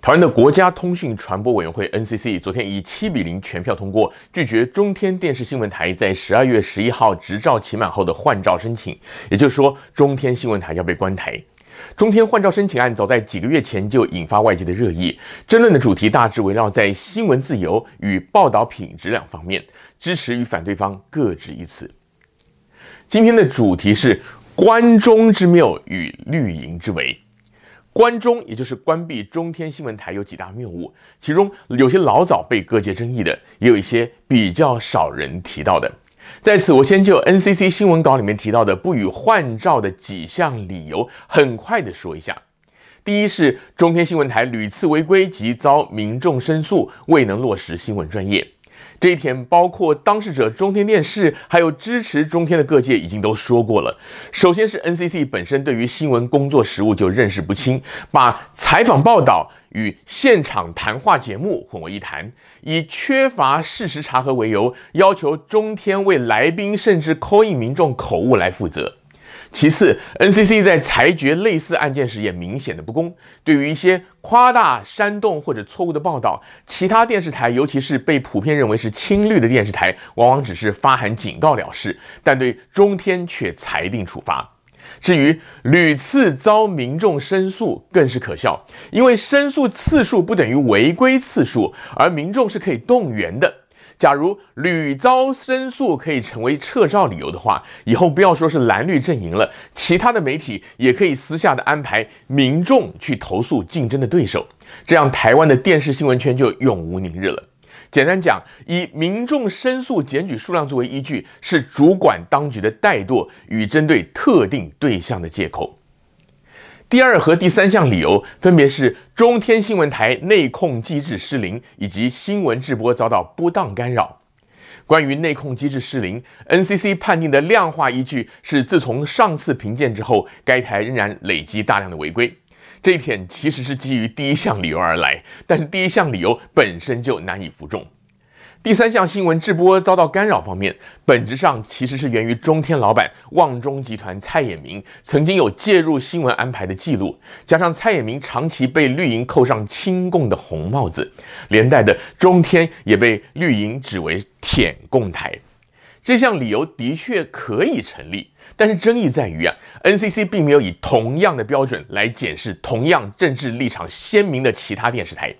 台灣的國家通訊傳播委員會 NCC 昨天以七比零全票通過，拒絕中天電視新聞台在十二月十一號執照期滿後的換照申請。也就是說，中天新聞台要被關台。中天換照申請案早在幾個月前就引發外界的熱議，爭論的主題大致圍繞在新聞自由與報道品質兩方面，支持與反對方各執一詞。今天的主題是關中之謬與綠營之危。關中，也就是關閉中天新聞台，有幾大謬誤，其中有些老早被各界爭議的，也有一些比較少人提到的。在此，我先就 NCC 新聞稿裡面提到的不予換照的幾項理由，很快地說一下。第一是中天新聞台屢次違規及遭民眾申訴，未能落實新聞專業。這一點包括當事者中天電視，還有支持中天的各界已經都說過了。首先是 NCC 本身對於新聞工作實務就認識不清，把採訪報道與現場談話節目混為一談，以缺乏事實查核為由，要求中天為來賓甚至 call in 民眾口誤來負責。其次，NCC 在裁決類似案件時也明顯的不公。對於一些誇大、煽動或者錯誤的報道，其他電視台，尤其是被普遍認為是親綠的電視台，往往只是發函警告了事，但對中天卻裁定處罰。至於屢次遭民眾申訴，更是可笑，因為申訴次數不等於違規次數，而民眾是可以動員的。假如屢遭申訴可以成為撤照理由的話，以後不要說是藍綠陣營了，其他的媒體也可以私下的安排民眾去投訴競爭的對手，這樣台灣的電視新聞圈就永無寧日了。簡單講，以民眾申訴檢舉數量作為依據，是主管當局的怠惰與針對特定對象的借口。第二和第三項理由，分別是中天新聞台內控機制失靈，以及新聞直播遭到不當干擾。關於內控機制失靈，NCC 判定的量化依據是，自從上次評鑑之後，該台仍然累積大量的違規。這一點其實是基於第一項理由而來，但是第一項理由本身就難以服眾。第三項新聞直播遭到干擾方面，本質上其實是源於中天老板旺中集團蔡衍明曾經有介入新聞安排的記錄，加上蔡衍明長期被綠營扣上親共的紅帽子，連帶的中天也被綠營指為舔共台。這項理由的確可以成立，但是爭議在於啊，NCC 並沒有以同樣的標準來檢視同樣政治立場鮮明的其他電視台。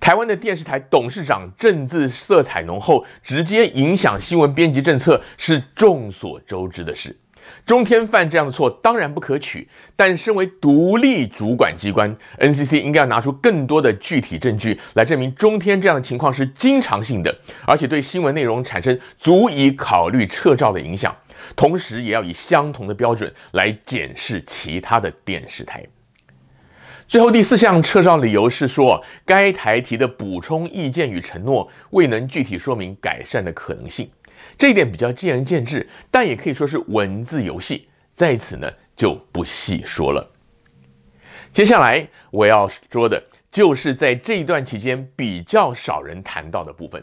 台灣的電視台董事長政治色彩濃厚，直接影響新聞編輯政策，是眾所周知的事。中天犯這樣的錯當然不可取，但身為獨立主管機關，NCC 應該要拿出更多的具體證據來證明中天這樣的情況是經常性的，而且對新聞內容產生足以考慮撤照的影響。同時，也要以相同的標準來檢視其他的電視台。最後第四項撤照理由是說，該台提的補充意見與承諾未能具體說明改善的可能性，這一點比較見仁見智，但也可以說是文字遊戲，在此呢就不細說了。接下來我要說的就是在這一段期間比較少人談到的部分。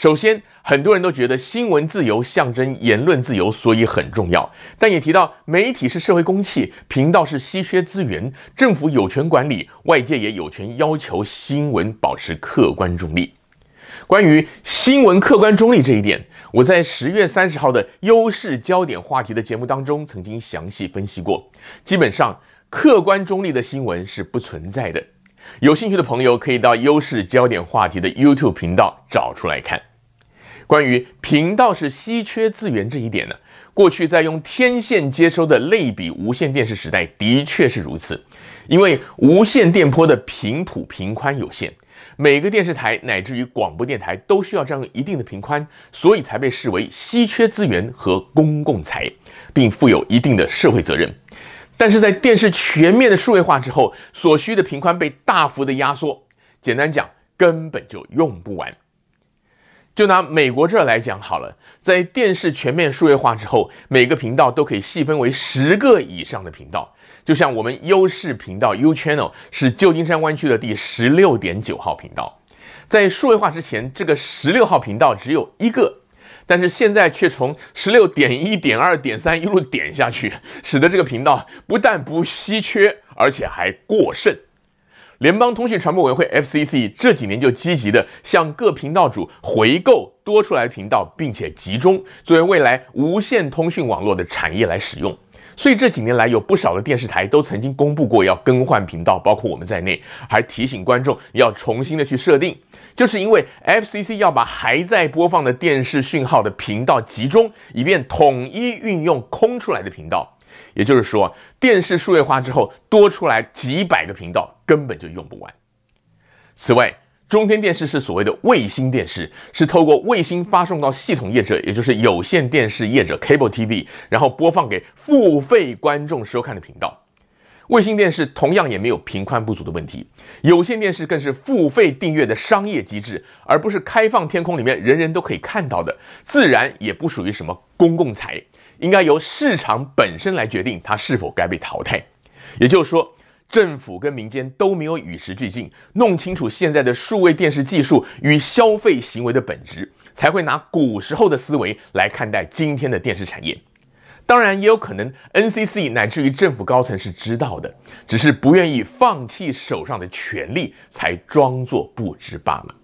首先，很多人都覺得新聞自由象徵言論自由，所以很重要。但也提到，媒體是社會公器，頻道是稀缺資源，政府有權管理，外界也有權要求新聞保持客觀中立。關於新聞客觀中立這一點，我在十月三十號的優視焦點話題的節目當中曾經詳細分析過。基本上，客觀中立的新聞是不存在的。有興趣的朋友可以到優視焦點話題的 YouTube 頻道找出來看。關於頻道是稀缺資源這一點呢，過去在用天線接收的類比無線電視時代的確是如此，因為無線電波的頻譜頻寬有限，每個電視臺乃至於廣播電臺都需要占用一定的頻寬，所以才被視為稀缺資源和公共財，並負有一定的社會責任。但是在電視全面的數位化之後，所需的頻寬被大幅的壓縮，簡單講根本就用不完。就拿美國這兒來講好了，在電視全面數位化之後，每個頻道都可以細分為十個以上的頻道。就像我們優視頻道 U Channel 是舊金山灣區的第十六點九號頻道，在數位化之前，這個十六號頻道只有一個，但是現在卻從十六點一點二點三一路點下去，使得這個頻道不但不稀缺，而且還過剩。聯邦通訊傳播委員會 （FCC） 這幾年就積極的向各頻道主回購多出來的頻道，並且集中作為未來無線通訊網絡的產業來使用。所以這幾年來，有不少的電視台都曾經公布過要更換頻道，包括我們在內，還提醒觀眾要重新的去設定，就是因為 FCC 要把還在播放的電視訊號的頻道集中，以便統一運用空出來的頻道。也就是說，電視數位化之後多出來幾百個頻道，根本就用不完。此外，中天電視是所謂的衛星電視，是透過衛星發送到系統業者，也就是有線電視業者 Cable TV，然後播放給付費觀眾收看的頻道。衛星電視同樣也沒有頻寬不足的問題，有線電視更是付費訂閱的商業機制，而不是開放天空裡面人人都可以看到的，自然也不屬於什麼公共財。應該由市場本身來決定它是否該被淘汰，也就是說，政府跟民間都沒有與時俱進，弄清楚現在的數位電視技術與消費行為的本質，才會拿古時候的思維來看待今天的電視產業。當然，也有可能 NCC 乃至於政府高層是知道的，只是不願意放棄手上的權力，才裝作不知罷了。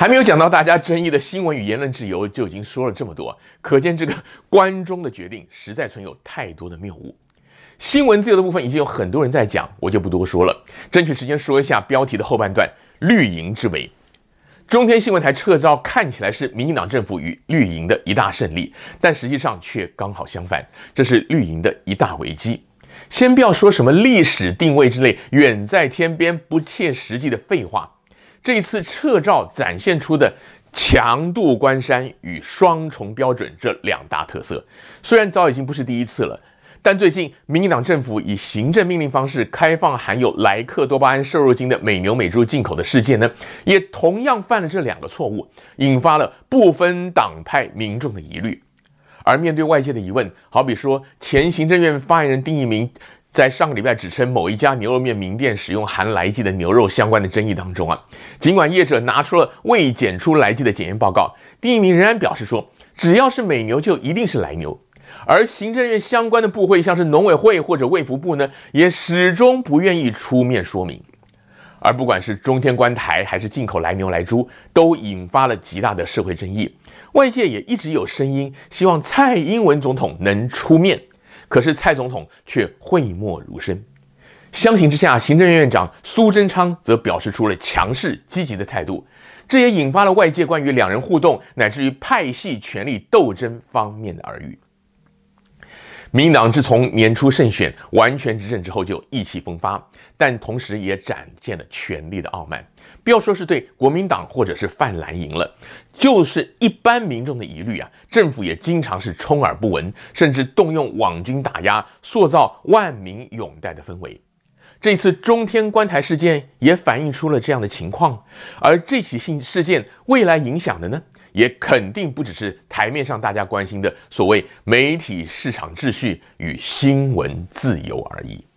還沒有講到大家爭議的新聞與言論自由，就已經說了這麼多，可見這個關中的決定實在存有太多的謬誤。新聞自由的部分已經有很多人在講，我就不多說了。爭取時間說一下標題的後半段「綠營之危」。中天新聞台撤照看起來是民進黨政府與綠營的一大勝利，但實際上卻剛好相反，這是綠營的一大危機。先不要說什麼歷史定位之類遠在天邊、不切實際的廢話。這一次撤照展現出的“強渡關山”與“雙重標準”這兩大特色，雖然早已經不是第一次了，但最近民進黨政府以行政命令方式開放含有萊克多巴胺瘦肉精的美牛美豬進口的事件呢，也同樣犯了這兩個錯誤，引發了部分黨派民眾的疑慮。而面對外界的疑問，好比說前行政院發言人丁怡銘。在上個禮拜指稱某一家牛肉麵名店使用含萊劑的牛肉相關的爭議當中啊，儘管業者拿出了未檢出萊劑的檢驗報告，丁怡銘仍然表示說，只要是美牛就一定是萊牛，而行政院相關的部會，像是農委會或者衛福部呢，也始終不願意出面說明。而不管是中天關台還是進口萊牛萊豬，都引發了極大的社會爭議，外界也一直有聲音希望蔡英文總統能出面。可是蔡總統卻諱莫如深，相形之下，行政院院長蘇貞昌則表示出了強勢積極的態度，這也引發了外界關於兩人互動乃至於派系權力鬥爭方面的耳語。民黨自從年初勝選、完全執政之後，就意氣風發，但同時也展現了權力的傲慢。不要說是對國民黨或者是泛藍營了，就是一般民眾的疑慮啊，政府也經常是充耳不聞，甚至動用網軍打壓，塑造萬民擁戴的氛圍。這次中天關台事件也反映出了這樣的情況。而這起性事件未來影響的呢？也肯定不只是台面上大家關心的所謂媒體市場秩序與新聞自由而已。